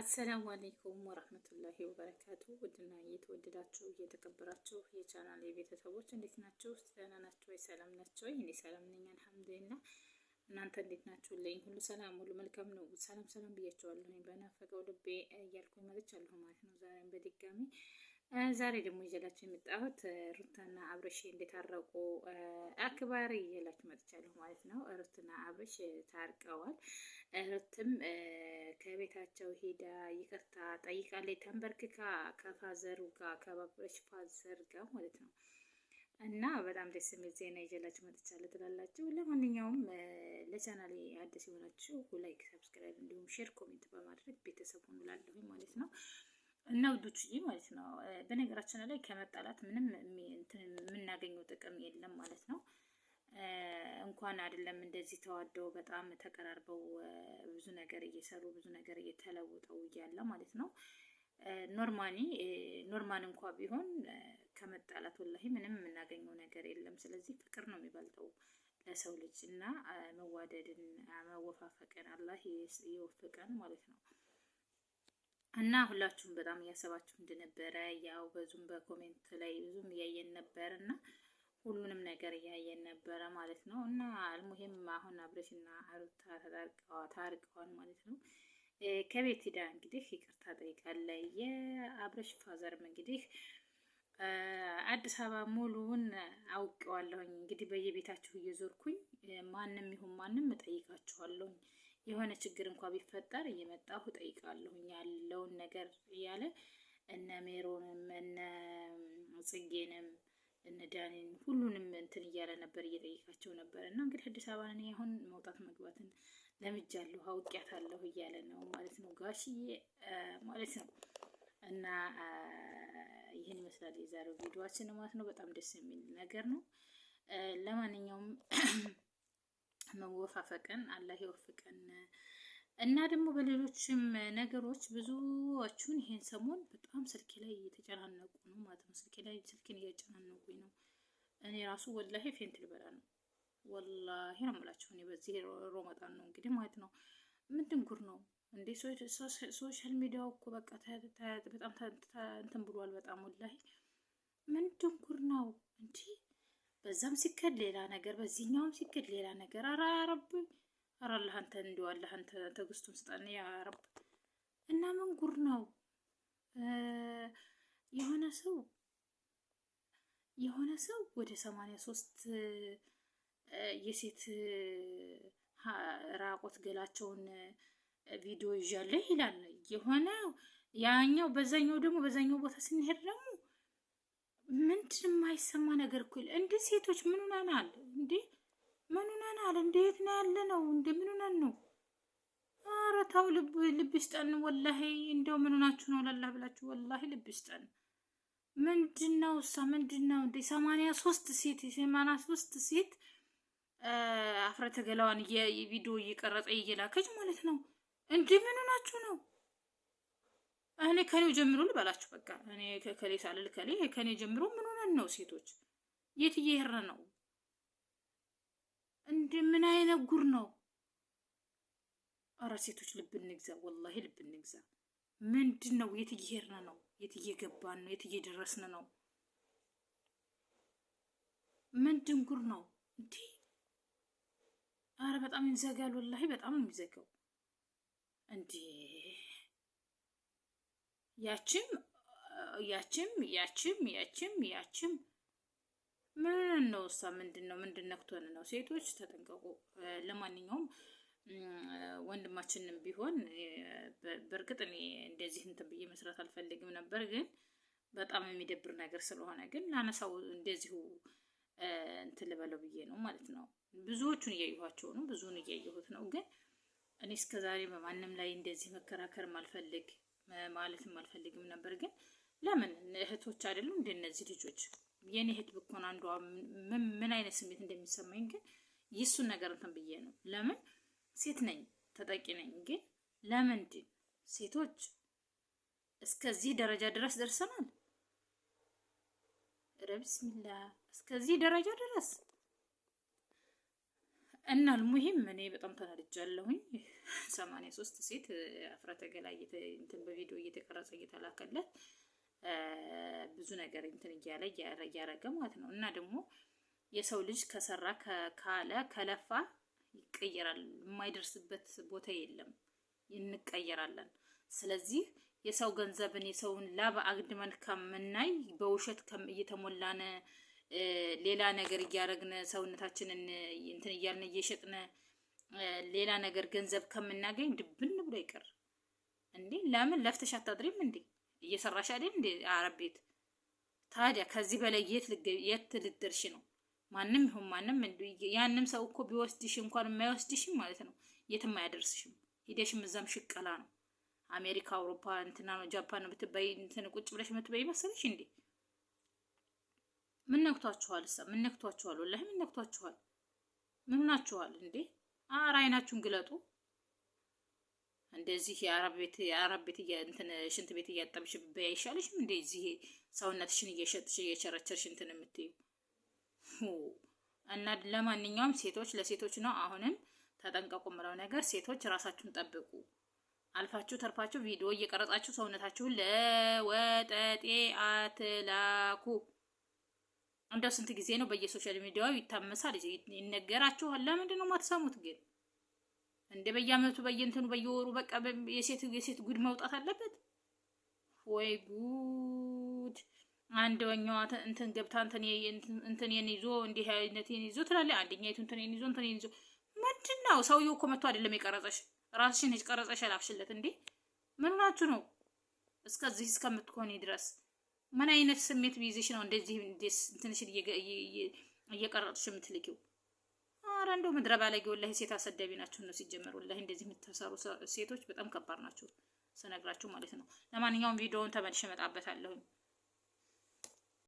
አሰላሙ አሌይኩም ወረህመቱላሂ ወበረካቱ። ውድና እየተወደዳችሁ እየተከበራችሁ የቻናል የቤተሰቦች እንዴት ናችሁ? ደህና ናችሁ ወይ? ሰላም ናችሁ ወይ? እኔ ሰላም ነኝ አልሐምዱሊላህ። እናንተ እንዴት ናችሁ? ልኝ ሁሉ ሰላም ሁሉ መልካም ነው። ሰላም ሰላም ብያችኋለሁ በናፈቀው ልቤ እያልኩኝ መጥቻለሁ ማለት ነው ዛሬም በድጋሚ ዛሬ ደግሞ ይዤላችሁ የመጣሁት ሩታና አብርሽ እንደታረቁ አክባሪ ይዤላችሁ መጥቻለሁ ማለት ነው። ሩትና አብርሽ ታርቀዋል። እህትም ከቤታቸው ሄዳ ይቅርታ ጠይቃለች። ተንበርክካ ከፋዘሩ ጋር ከባበች ፋዘር ጋር ማለት ነው። እና በጣም ደስ የሚል ዜና ይዤላችሁ መጥቻለሁ ትላላችሁ። ለማንኛውም ለቻናል አዲስ የሆናችሁ ላይክ፣ ሰብስክራይብ እንዲሁም ሼር፣ ኮሜንት በማድረግ ቤተሰብ ሆኑላለሁ ማለት ነው እና ውዶችዬ ማለት ነው በነገራችን ላይ ከመጣላት ምንም የምናገኘው ጥቅም የለም ማለት ነው። እንኳን አይደለም እንደዚህ ተዋደው በጣም ተቀራርበው ብዙ ነገር እየሰሩ ብዙ ነገር እየተለውጠው እያለ ማለት ነው። ኖርማኒ ኖርማን እንኳ ቢሆን ከመጣላት ወላሂ ምንም የምናገኘው ነገር የለም። ስለዚህ ፍቅር ነው የሚበልጠው ለሰው ልጅ እና መዋደድን መወፋፈቅን አላህ ይወፍቀን ማለት ነው። እና ሁላችሁም በጣም እያሰባችሁ እንደነበረ ያው በዙም በኮሜንት ላይ ብዙም እያየን ነበር እና ሁሉንም ነገር እያየን ነበረ ማለት ነው። እና አልሙሄም አሁን አብርሽና ሩታ ታርቀዋል ማለት ነው። ከቤት ሂዳ እንግዲህ ይቅርታ ጠይቃለች። የአብረሽ ፋዘርም እንግዲህ አዲስ አበባ ሙሉውን አውቀዋለሁኝ እንግዲህ በየቤታችሁ እየዞርኩኝ ማንም ይሁን ማንም እጠይቃችኋለሁኝ የሆነ ችግር እንኳ ቢፈጠር እየመጣሁ እጠይቃለሁኝ ያለውን ነገር እያለ እነ ሜሮንም እነ ጽጌንም እነዳንን ሁሉንም እንትን እያለ ነበር እየጠየቃቸው ነበር። እና እንግዲህ አዲስ አበባ እኔ አሁን መውጣት መግባትን ለምጃለሁ አውቄያታለሁ እያለ ነው ማለት ነው ጋሽዬ ማለት ነው። እና ይህን ይመስላል የዛሬው ቪዲዮችን ማለት ነው። በጣም ደስ የሚል ነገር ነው። ለማንኛውም መወፋፈቀን አላህ ይወፍቀን እና ደግሞ በሌሎችም ነገሮች ብዙዎቹን ይሄን ሰሞን በጣም ስልክ ላይ እየተጨናነቁ ነው ማለት ነው። ስልክ ላይ ስልክን እያጨናነቁኝ ነው። እኔ ራሱ ወላሂ ፌንት ልበላ ነው። ወላሂ ነው የምላቸው። እኔ በዚህ ሮመጣን ነው እንግዲህ ማለት ነው። ምንድን ጉር ነው እንዴ? ሶሻል ሚዲያው እኮ በቃ በጣም እንትን ብሏል። በጣም ወላሂ ምንድን ጉር ነው እንዲህ። በዛም ሲከድ ሌላ ነገር፣ በዚህኛውም ሲከድ ሌላ ነገር። አራ ረብ ኧረ አላህ አንተ እንዲያው አላህ አንተ ትዕግስቱን ስጠን ያ እና ምን ጉር ነው የሆነ ሰው የሆነ ሰው ወደ ሰማንያ ሶስት የሴት ራቆት ገላቸውን ቪዲዮ ይዣለሁ ይላል። የሆነ ያኛው በዛኛው ደግሞ በዛኛው ቦታ ስንሄድ ደግሞ ምንድን የማይሰማ ነገር እኮ እንደ ሴቶች ምን ሆነናል እንዴ? ምን ሆነን እንዴት ነው ያለ ነው እንዴ? ምን ነው? አረ ተው ልብ ልብ ይስጠን። ወላሂ እንደው ምን ነው ለላህ ብላችሁ ወላሂ ልብ ይስጠን። ምንድነው እሷ ምንድነው እንዴ? 83 ሶስት ሴት የሰማንያ ሶስት ሴት አፍረተ ገላዋን ቪዲዮ እየቀረጸ እየላከች ማለት ነው። እንዴ ምን ነው? እኔ ከኔው ጀምሮ ልበላችሁ በቃ እኔ ከሌ ሳልል ከሌ ከኔ ጀምሮ ምን ሆነን ነው? ሴቶች የት እየሄረ ነው? እንደምን ምን አይነት ጉር ነው? እረ ሴቶች ልብ እንግዛ፣ ወላሂ ልብ እንግዛ። ምንድን ነው? የት እየሄድን ነው? የት እየገባን ነው? የት እየደረስን ነው? ምንድን ጉር ነው እንዴ? አረ በጣም ይዘጋል፣ ወላሂ በጣም ነው የሚዘጋው። ያችም ያችም ያችም ያችም ያችም ምን ነው እሷ ምንድን ነው ምንድን ነክቶን ነው? ሴቶች ተጠንቀቁ። ለማንኛውም ወንድማችንም ቢሆን በእርግጥ እኔ እንደዚህ እንትን ብዬ መስራት አልፈልግም ነበር፣ ግን በጣም የሚደብር ነገር ስለሆነ ግን ላነሳው እንደዚሁ እንትን ልበለው ብዬ ነው ማለት ነው። ብዙዎቹን እያየኋቸው ነው፣ ብዙውን እያየሁት ነው። ግን እኔ እስከዛሬ በማንም ላይ እንደዚህ መከራከርም አልፈልግ ማለትም አልፈልግም ነበር፣ ግን ለምን እህቶች አይደሉም እንደነዚህ ልጆች የኔ እህት ብኮን አንዷ ምን አይነት ስሜት እንደሚሰማኝ ግን ይሱን ነገር እንትን ብዬ ነው። ለምን ሴት ነኝ ተጠቂ ነኝ። ግን ለምንድን ሴቶች እስከዚህ ደረጃ ድረስ ደርሰናል? ኧረ እስከዚህ ደረጃ ድረስ እና ልሙሂም እኔ በጣም ተናድጃለሁኝ። ሰማንያ ሶስት ሴት አፍረተ ገላ እንትን በቪዲዮ እየተቀረጸ እየተላከለት ብዙ ነገር እንትን እያለ እያረገ ማለት ነው። እና ደግሞ የሰው ልጅ ከሰራ ካለ ከለፋ ይቀየራል። የማይደርስበት ቦታ የለም፣ እንቀየራለን። ስለዚህ የሰው ገንዘብን የሰውን ላብ አግድመን ከምናይ በውሸት እየተሞላን ሌላ ነገር እያደረግን ሰውነታችንን እንትን እያልን እየሸጥን ሌላ ነገር ገንዘብ ከምናገኝ ድብን ብሎ ይቀር እንዴ! ለምን ለፍተሽ አታድሪም እንዴ? እየሰራሽ አይደል እንዴ? አረብ ቤት ታዲያ ከዚህ በላይ የት የት ልደርሽ ነው? ማንም ይሁን ማንም ያንም ሰው እኮ ቢወስድሽ እንኳን የማይወስድሽም ማለት ነው፣ የትም አያደርስሽም። ሂደሽም እዛም ሽቀላ ነው። አሜሪካ፣ አውሮፓ እንትና ነው ጃፓን ነው ብትባይ እንትን ቁጭ ብለሽ የምትበይ መሰለሽ እንዴ? ምን ነክቷችኋል? እሳ ምን ነክቷችኋል? ወላሂ ምን ነክቷችኋል? ምን ሆናችኋል እንዴ? ኧረ አይናችሁን ግለጡ። እንደዚህ የአረብ ቤት የአረብ ቤት እንትን ሽንት ቤት እያጠብሽ ብበይ እንደዚህ ሰውነትሽን እየሸጥሽ እየቸረቸርሽ እንትን የምትዩ እና ለማንኛውም ሴቶች ለሴቶች ነው። አሁንም ተጠንቀቁ ምለው ነገር ሴቶች ራሳችሁን ጠብቁ። አልፋችሁ ተርፋችሁ ቪዲዮ እየቀረጻችሁ ሰውነታችሁን ለወጠጤ አትላኩ። እንደው ስንት ጊዜ ነው በየሶሻል ሚዲያው ይታመሳል፣ ይነገራችኋል። ለምንድን ነው የማትሰሙት ግን? እንደ በየአመቱ በየእንትኑ በየወሩ በቃ የሴት የሴት ጉድ መውጣት አለበት ወይ ጉድ! አንድ ወኛዋ እንትን ገብታ እንትን የኔ ይዞ እንዲህ አይነት የኔ ይዞ ትላለች። አንደኛይቱ የኔ ይዞ እንትን የኔ ይዞ ምንድን ነው? ሰውዬው እኮ መጥቶ አይደለም የቀረጸሽ፣ ራስሽን እጅ ቀረጸሽ ያላክሽለት እንዴ! ምን ሆናችሁ ነው? እስከዚህ እስከምትሆኔ ድረስ ምን አይነት ስሜት ቢይዝሽ ነው እንደዚህ እንትንሽን እየቀረጥሽ የምትልኪው? ኧረ እንደው ምድረ ባለጌ ወላሂ ሴት አሰዳቢ ናቸው ነው ሲጀመር። ወላሂ እንደዚህ የምትሰሩ ሴቶች በጣም ከባድ ናቸው ስነግራችሁ ማለት ነው። ለማንኛውም ቪዲዮውን ተመልሼ እመጣበታለሁኝ።